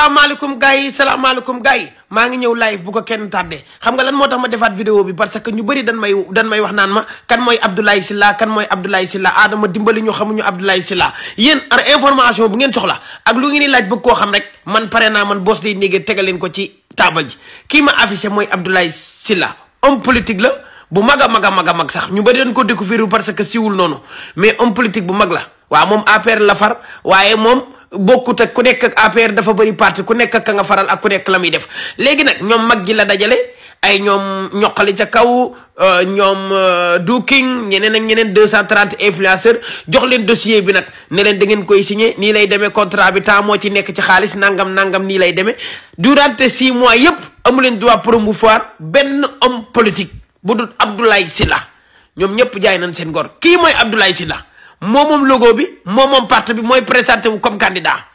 salaamaaleykum gars yi salaamaaleykum gars yi maa ngi ñëw live bu ko kenn tardé xam nga lan moo tax ma defaat vidéo bi parce que ñu bëri dan may dan may wax naan ma kan mooy Abdoulaye Sylla kan mooy Abdoulaye Sylla Adama dimbali ñu xamuñu Abdoulaye Sylla yéen information bu ngeen soxla ak lu ngeen laaj bëgg ko xam rek man pare naa man boss day négé tegal leen ko ci taabal ji kii ma affiché mooy Abdoulaye Sylla homme politique la bu mag a mag a mag a mag sax ñu bëri dañ ko découvrir parce que siwul noonu mais homme politique bu mag la waaw moom APR la far waaye moom bokkut ak ku nekk ak dafa bëri parti ku nekk nga faral ak ku nekk la muy def léegi nag ñoom mag gi la dajale ay ñoom ñoqali ca kaw euh, ñoom euh, duking ñeneen ak ñeneen deux cent trente influenceurs jox leen dossier bi nag ne leen da ngeen koy signé nii lay demee contrat bi temps moo ci nekk ci xaalis nangam nangam nii lay demee durant six mois yëpp amu leen droit promouvoir benn homme politique bu dul Abdoulaye Sylla ñoom ñëpp jaay nañ seen ngor kii mooy Abdoulaye Sylla moo moom logo bi moo moom parti bi mooy présenté wu comme candidat